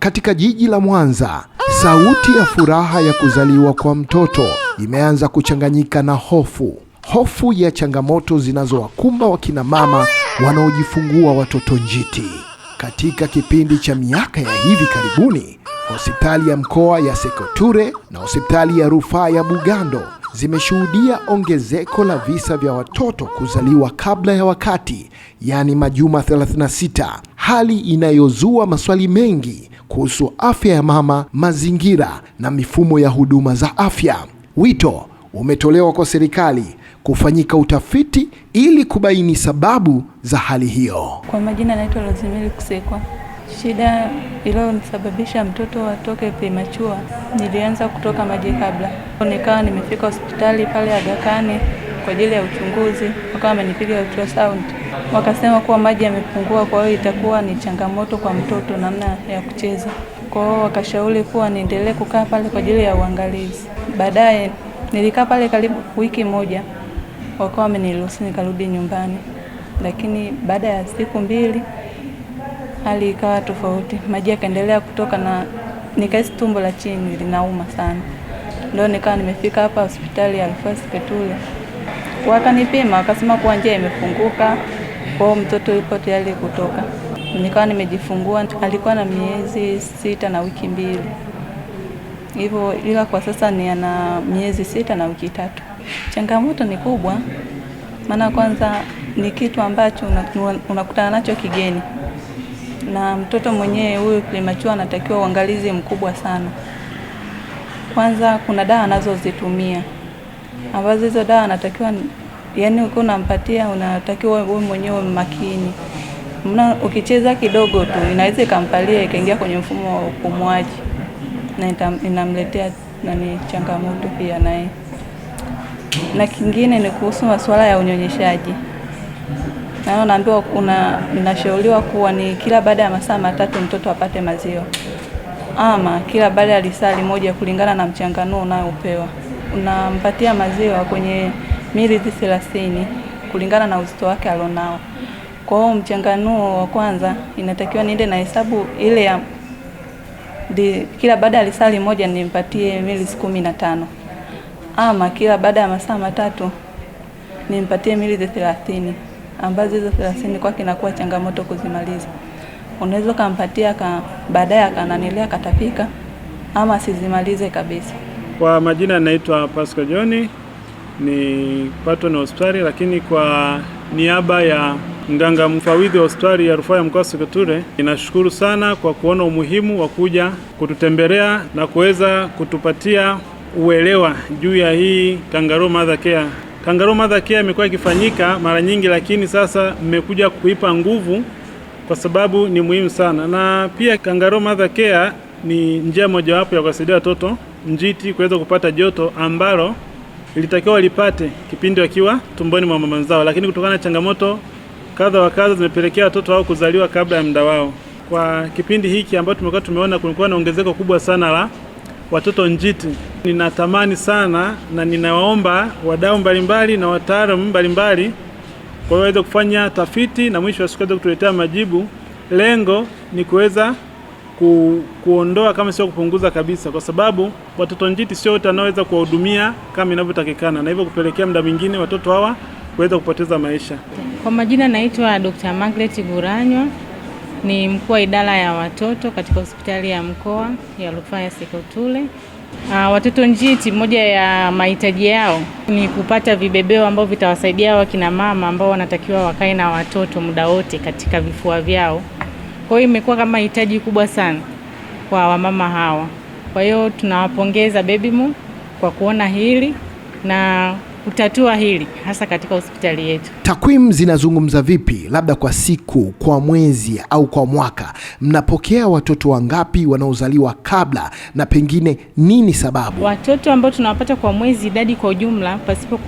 Katika jiji la Mwanza, sauti ya furaha ya kuzaliwa kwa mtoto imeanza kuchanganyika na hofu, hofu ya changamoto zinazowakumba wakina mama wanaojifungua watoto njiti. Katika kipindi cha miaka ya hivi karibuni, hospitali ya mkoa ya Sekoture na hospitali ya rufaa ya Bugando zimeshuhudia ongezeko la visa vya watoto kuzaliwa kabla ya wakati, yaani majuma 36, hali inayozua maswali mengi kuhusu afya ya mama, mazingira na mifumo ya huduma za afya. Wito umetolewa kwa serikali kufanyika utafiti ili kubaini sababu za hali hiyo. Kwa majina naitwa Rosemary Kusekwa. Shida iliyonisababisha mtoto atoke premature, nilianza kutoka maji kabla, nikawa nimefika hospitali pale Aga Khan kwa ajili ya uchunguzi, wakawa amenipiga ultrasound wakasema kuwa maji yamepungua, kwa hiyo itakuwa ni changamoto kwa mtoto namna ya kucheza. Kwa hiyo wakashauri kuwa niendelee kukaa pale kwa ajili ya uangalizi. Baadaye nilikaa pale karibu wiki moja, wakawa wameniruhusu nikarudi nyumbani, lakini baada ya siku mbili hali ikawa tofauti, maji yakaendelea kutoka na nikahisi tumbo la chini linauma sana, ndio nikawa nimefika hapa hospitali ya Alphonse Petule, wakanipima wakasema kuwa njia imefunguka. Kwa hiyo mtoto yuko tayari kutoka. Nikawa nimejifungua, alikuwa na miezi sita na wiki mbili hivyo, ila kwa sasa ni ana miezi sita na wiki tatu. Changamoto ni kubwa, maana kwanza ni kitu ambacho unakutana nacho kigeni, na mtoto mwenyewe huyu kimachua anatakiwa uangalizi mkubwa sana. Kwanza kuna dawa anazozitumia ambazo hizo dawa anatakiwa yani uko unampatia, unatakiwa wewe mwenyewe makini. Mna ukicheza kidogo tu inaweza ikampalia ikaingia kwenye mfumo wa upumuaji na inamletea nani changamoto pia naye. Na kingine ni kuhusu masuala ya unyonyeshaji na naambiwa una nashauriwa kuwa ni kila baada ya masaa matatu mtoto apate maziwa ama kila baada ya lisali moja kulingana na mchanganuo unayopewa. Unampatia maziwa kwenye milizi thelathini kulingana na uzito wake alionao. Kwa hiyo mchanganuo wa kwanza inatakiwa niende na hesabu ile ya di, kila baada ya lisali moja nimpatie milizi kumi na tano ama kila baada ya masaa matatu nimpatie milizi thelathini ambazo hizo thelathini kwake inakuwa changamoto kuzimaliza. Unaweza ukampatia ka baadaye akananilea akatapika ama sizimalize kabisa. Kwa majina naitwa Pascal John nipatwe na hospitali, lakini kwa niaba ya mganga mfawidhi wa hospitali ya rufaa ya mkoa wa Sekoture, ninashukuru sana kwa kuona umuhimu wa kuja kututembelea na kuweza kutupatia uelewa juu ya hii Kangaroo Mother Care. Kangaroo Mother Care imekuwa ikifanyika mara nyingi, lakini sasa mmekuja kuipa nguvu kwa sababu ni muhimu sana, na pia Kangaroo Mother Care ni njia mojawapo ya kuwasaidia watoto njiti kuweza kupata joto ambalo ilitakiwa walipate kipindi wakiwa tumboni mwa mama zao, lakini kutokana na changamoto kadha wa kadha zimepelekea watoto wao kuzaliwa kabla ya muda wao. Kwa kipindi hiki ambacho tumekuwa tumeona kulikuwa na ongezeko kubwa sana la watoto njiti. Ninatamani sana na ninawaomba wadau mbalimbali na wataalamu mbalimbali kwa waweze kufanya tafiti na mwisho wa siku kutuletea majibu. Lengo ni kuweza ku, kuondoa kama sio kupunguza kabisa, kwa sababu watoto njiti sio wote wanaweza kuwahudumia kama inavyotakikana, na hivyo kupelekea muda mwingine watoto hawa kuweza kupoteza maisha. Kwa majina naitwa Dr. Margaret Guranywa ni mkuu wa idara ya watoto katika hospitali ya mkoa ya rufaa ya sekotule Uh, ah, watoto njiti moja ya mahitaji yao ni kupata vibebeo ambao vitawasaidia wakina mama ambao wanatakiwa wakae na watoto muda wote katika vifua vyao. Kwa hiyo imekuwa kama hitaji kubwa sana kwa wamama hawa. Kwa hiyo tunawapongeza Babymo kwa kuona hili na kutatua hili hasa katika hospitali yetu. Takwimu zinazungumza vipi, labda kwa siku, kwa mwezi au kwa mwaka? Mnapokea watoto wangapi wanaozaliwa kabla, na pengine nini sababu? Watoto ambao tunawapata kwa mwezi, idadi kwa ujumla, pasipo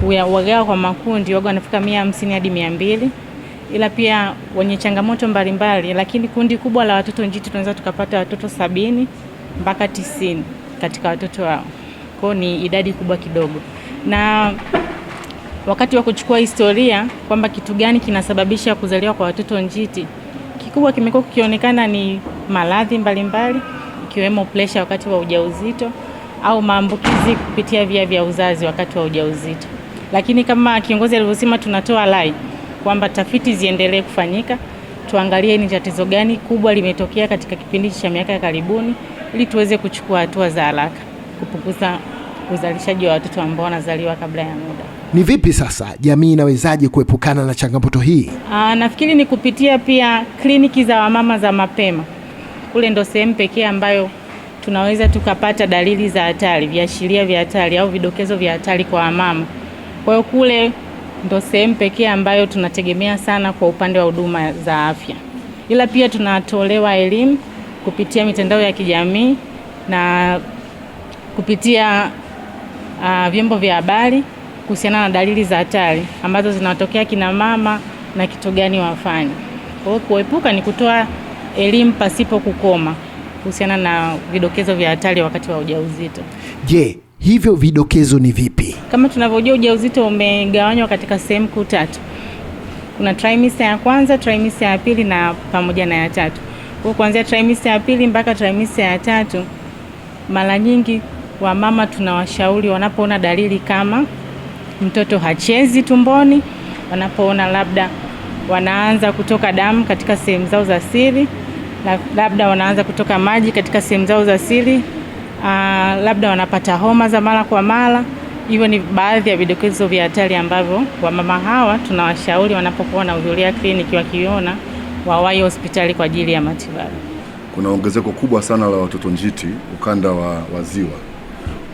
kuwagawa kwa makundi, waga wanafika mia hamsini hadi mia mbili ila pia wenye changamoto mbalimbali mbali, lakini kundi kubwa la watoto njiti tunaweza tukapata watoto sabini mpaka tisini katika watoto wao. Kwao ni idadi kubwa kidogo, na wakati wa kuchukua historia kwamba kitu gani kinasababisha kuzaliwa kwa watoto njiti, kikubwa kimekuwa kikionekana ni maradhi mbalimbali ikiwemo presha wakati wa ujauzito au maambukizi kupitia via vya uzazi wakati wa ujauzito. Lakini kama kiongozi alivyosema, tunatoa lai kwamba tafiti ziendelee kufanyika, tuangalie ni tatizo gani kubwa limetokea katika kipindi cha miaka ya karibuni, ili tuweze kuchukua hatua za haraka kupunguza uzalishaji wa watoto ambao wanazaliwa kabla ya muda. Ni vipi sasa jamii inawezaje kuepukana na changamoto hii? Aa, ah, nafikiri ni kupitia pia kliniki za wamama za mapema. Kule ndo sehemu pekee ambayo tunaweza tukapata dalili za hatari, viashiria vya hatari au vidokezo vya hatari kwa wamama. Kwa hiyo kule ndo sehemu pekee ambayo tunategemea sana kwa upande wa huduma za afya, ila pia tunatolewa elimu kupitia mitandao ya kijamii na kupitia uh, vyombo vya habari kuhusiana na dalili za hatari ambazo zinatokea kina mama na kitu gani wafanye. Kwa hiyo kuepuka ni kutoa elimu pasipo kukoma kuhusiana na vidokezo vya hatari wakati wa ujauzito. Je, hivyo vidokezo ni vipi? Kama tunavyojua ujauzito umegawanywa katika sehemu kuu tatu. Kuna trimester ya kwanza, trimester ya pili na pamoja na ya tatu. Kwa kuanzia trimester ya pili mpaka trimester ya tatu, mara nyingi wamama tunawashauri wanapoona dalili kama mtoto hachezi tumboni, wanapoona labda wanaanza kutoka damu katika sehemu zao za siri, labda wanaanza kutoka maji katika sehemu zao za siri, labda wanapata homa za mara kwa mara Hivyo ni baadhi ya vidokezo vya hatari ambavyo wamama hawa tunawashauri wanapokuwa wanahudhuria kliniki wakiona wawahi hospitali kwa ajili ya matibabu. Kuna ongezeko kubwa sana la watoto njiti ukanda wa, waziwa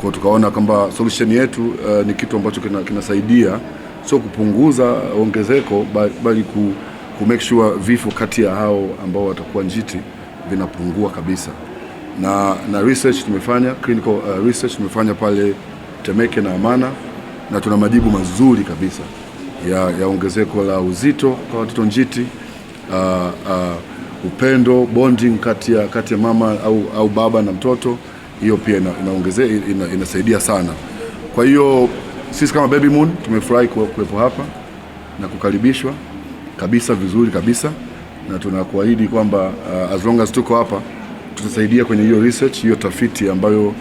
kwa tukaona kwamba solution yetu uh, ni kitu ambacho kinasaidia kina sio kupunguza ongezeko bali ku, ku make sure vifo kati ya hao ambao watakuwa njiti vinapungua kabisa, na na research tumefanya clinical uh, research tumefanya pale Temeke na Amana, na tuna majibu mazuri kabisa ya, ya ongezeko la uzito kwa watoto njiti uh, uh, upendo bonding kati ya kati ya mama au, au baba na mtoto, hiyo pia ina, ina, inasaidia sana. Kwa hiyo sisi kama Baby Moon tumefurahi kuwepo hapa na kukaribishwa kabisa vizuri kabisa, na tunakuahidi kwamba uh, as long as tuko hapa tutasaidia kwenye hiyo research hiyo tafiti ambayo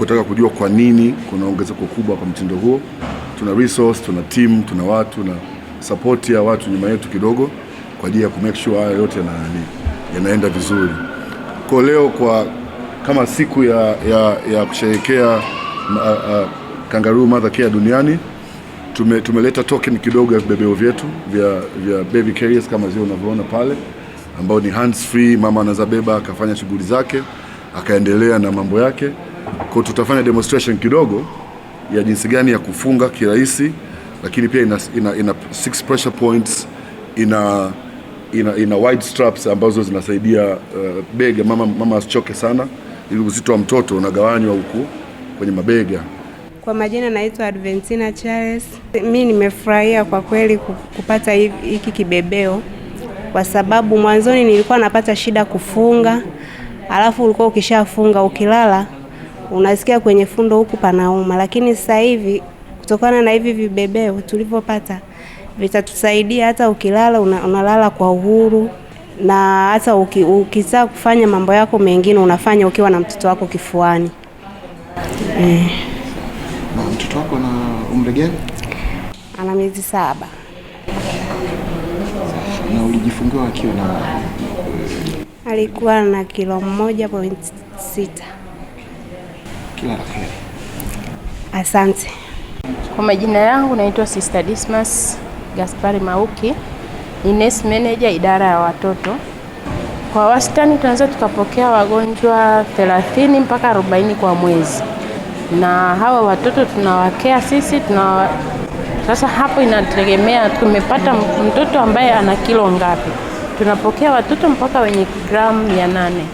kutaka kujua kwa nini kuna ongezeko kubwa kwa mtindo huo. Tuna resource, tuna team, tuna watu na support ya watu nyuma yetu kidogo kwa ajili ya ku make sure haya yote na, yanaenda vizuri. Kwa leo kwa kama siku ya, ya, ya kusherehekea uh, uh, Kangaroo Mother Care duniani tume, tumeleta token kidogo ya vibebeo vyetu vya, vya baby carriers kama zile unavyoona pale, ambao ni hands free, mama anaweza beba akafanya shughuli zake akaendelea na mambo yake. Kwa tutafanya demonstration kidogo ya jinsi gani ya kufunga kirahisi, lakini pia ina, ina, ina six pressure points ina, ina, ina wide straps ambazo zinasaidia uh, bega mama, mama asichoke sana, ili uzito wa mtoto unagawanywa huku kwenye mabega. Kwa majina naitwa Adventina Charles. Mi nimefurahia kwa kweli kupata hiki kibebeo, kwa sababu mwanzoni nilikuwa napata shida kufunga, alafu ulikuwa ukishafunga ukilala unasikia kwenye fundo huku panauma, lakini sasa hivi kutokana na hivi vibebeo tulivyopata vitatusaidia hata ukilala una, unalala kwa uhuru na hata ukitaka kufanya mambo yako mengine unafanya ukiwa na mtoto wako kifuani. Eh. Mtoto wako na umri gani? Ana miezi saba. Na ulijifungua akiwa na alikuwa na kilo moja point sita. Kila la heri. Asante. Kwa majina yangu naitwa Sister Dismas Gaspari Mauki, ni nurse manager idara ya watoto. Kwa wastani tunaweza tukapokea wagonjwa 30 mpaka 40 kwa mwezi, na hawa watoto tunawakea sisi tunawa... Sasa hapo inategemea tumepata mtoto ambaye ana kilo ngapi. Tunapokea watoto mpaka wenye gramu mia nane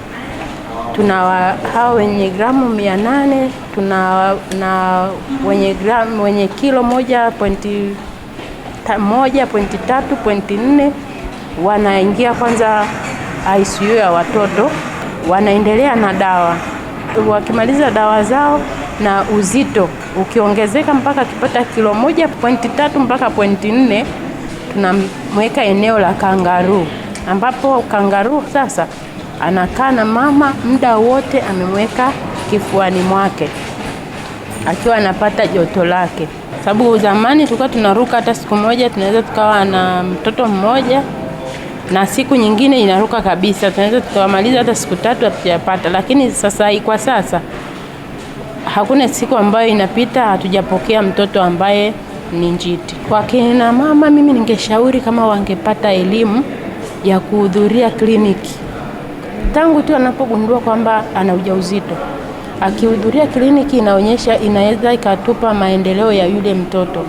tuna hao wenye gramu mia nane tuna na wenye gramu, wenye kilo moja pointi ta, moja pointi tatu pointi nne wanaingia kwanza ICU ya watoto, wanaendelea na dawa. Wakimaliza dawa zao na uzito ukiongezeka mpaka akipata kilo moja pointi tatu mpaka pointi nne tunamweka eneo la kangaruu, ambapo kangaruu sasa anakaa na mama muda wote, amemweka kifuani mwake akiwa anapata joto lake, sababu zamani tulikuwa tunaruka hata siku moja tunaweza tukawa na mtoto mmoja, na siku nyingine inaruka kabisa, tunaweza tukawamaliza hata siku tatu hatujapata. Lakini sasa kwa sasa hakuna siku ambayo inapita hatujapokea mtoto ambaye ni njiti. Kwa kina mama, mimi ningeshauri kama wangepata elimu ya kuhudhuria kliniki tangu tu anapogundua kwamba ana ujauzito akihudhuria kliniki inaonyesha, inaweza ikatupa maendeleo ya yule mtoto.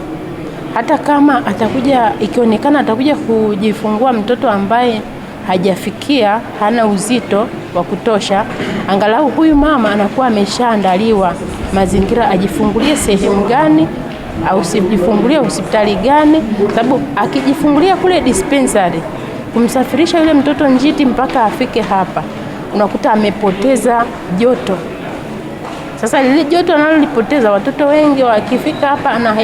Hata kama atakuja ikionekana atakuja kujifungua mtoto ambaye hajafikia, hana uzito wa kutosha, angalau huyu mama anakuwa ameshaandaliwa mazingira, ajifungulie sehemu gani au sijifungulie hospitali gani, sababu akijifungulia kule dispensary kumsafirisha yule mtoto njiti mpaka afike hapa, unakuta amepoteza joto. Sasa lile joto analolipoteza, watoto wengi wakifika hapa ana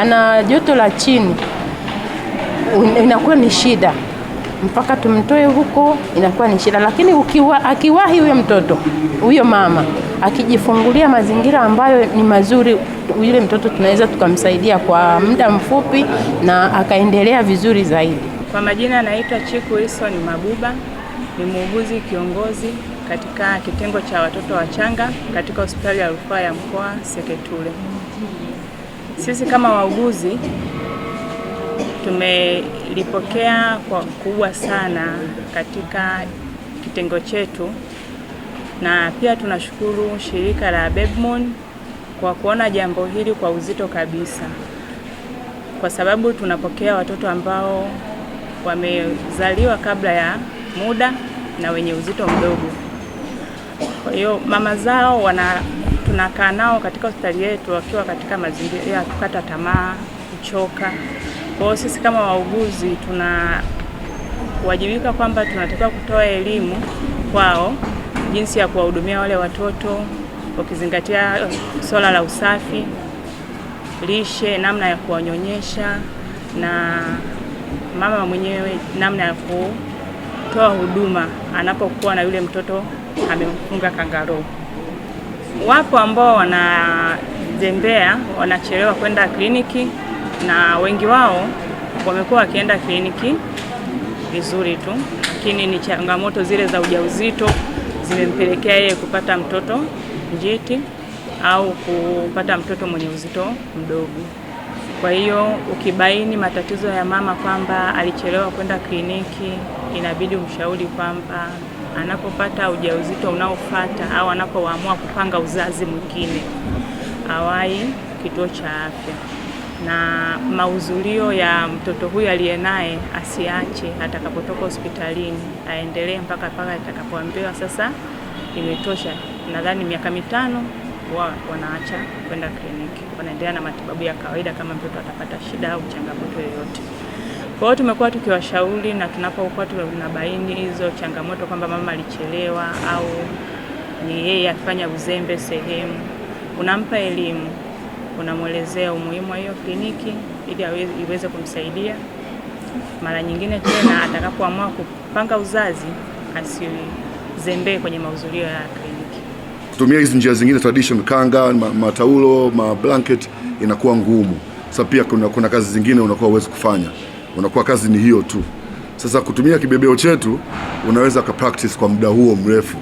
ana joto la chini, inakuwa ni shida mpaka tumtoe huko, inakuwa ni shida. Lakini ukiwa, akiwahi huyo mtoto huyo mama akijifungulia mazingira ambayo ni mazuri, yule mtoto tunaweza tukamsaidia kwa muda mfupi na akaendelea vizuri zaidi. Kwa majina naitwa Chiku Wilson Mabuba, ni muuguzi kiongozi katika kitengo cha watoto wachanga katika hospitali ya rufaa ya mkoa Seketule. Sisi kama wauguzi tumelipokea kwa kubwa sana katika kitengo chetu, na pia tunashukuru shirika la Bebmon kwa kuona jambo hili kwa uzito kabisa, kwa sababu tunapokea watoto ambao wamezaliwa kabla ya muda na wenye uzito mdogo. Kwa hiyo mama zao wana tunakaa nao katika hospitali yetu wakiwa katika mazingira ya kukata tamaa, kuchoka. Kwa hiyo sisi kama wauguzi tunawajibika kwamba tunatakiwa kutoa elimu kwao jinsi ya kuwahudumia wale watoto wakizingatia swala la usafi, lishe, namna ya kuwanyonyesha na mama mwenyewe namna ya kutoa huduma anapokuwa na yule mtoto amemfunga kangaroo. Wapo ambao wanazembea, wanachelewa kwenda kliniki, na wengi wao wamekuwa wakienda kliniki vizuri tu, lakini ni changamoto zile za ujauzito zimempelekea yeye kupata mtoto njiti au kupata mtoto mwenye uzito mdogo. Kwa hiyo ukibaini matatizo ya mama kwamba alichelewa kwenda kliniki, inabidi umshauri kwamba anapopata ujauzito unaofuata au anapoamua kupanga uzazi mwingine awai kituo cha afya, na mahudhurio ya mtoto huyu aliye naye asiache, atakapotoka hospitalini aendelee mpaka paka atakapoambiwa sasa imetosha. Nadhani miaka mitano huwa wanaacha kwenda kliniki, wanaendelea na matibabu ya kawaida kama mtoto atapata shida au changamoto yoyote. Kwa hiyo tumekuwa tukiwashauri na tunapokuwa tunabaini hizo changamoto kwamba mama alichelewa au ni yeye afanya uzembe sehemu, unampa elimu, unamwelezea umuhimu wa hiyo kliniki ili iweze kumsaidia. Mara nyingine tena atakapoamua kupanga uzazi asizembee kwenye mahudhurio yake kutumia hizi njia zingine tradition, kanga, mataulo, ma blanket inakuwa ngumu. Sasa pia kuna, kuna kazi zingine unakuwa uwezi kufanya, unakuwa kazi ni hiyo tu. Sasa kutumia kibebeo chetu unaweza ka practice kwa muda huo mrefu,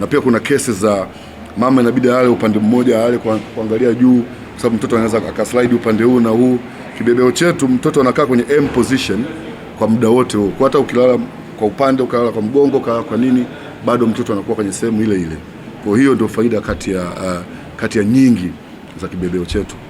na pia kuna kesi za mama inabidi ale upande mmoja, ale kuangalia juu, kwa sababu mtoto anaweza akaslide upande huu na huu. Kibebeo chetu mtoto anakaa kwenye M position kwa muda wote huo, kwa hata ukilala kwa upande, ukalala kwa mgongo, ukalala kwa nini, bado mtoto anakuwa kwenye sehemu ile ile. Kwa hiyo ndio faida kati ya, uh, kati ya nyingi za kibebeo chetu.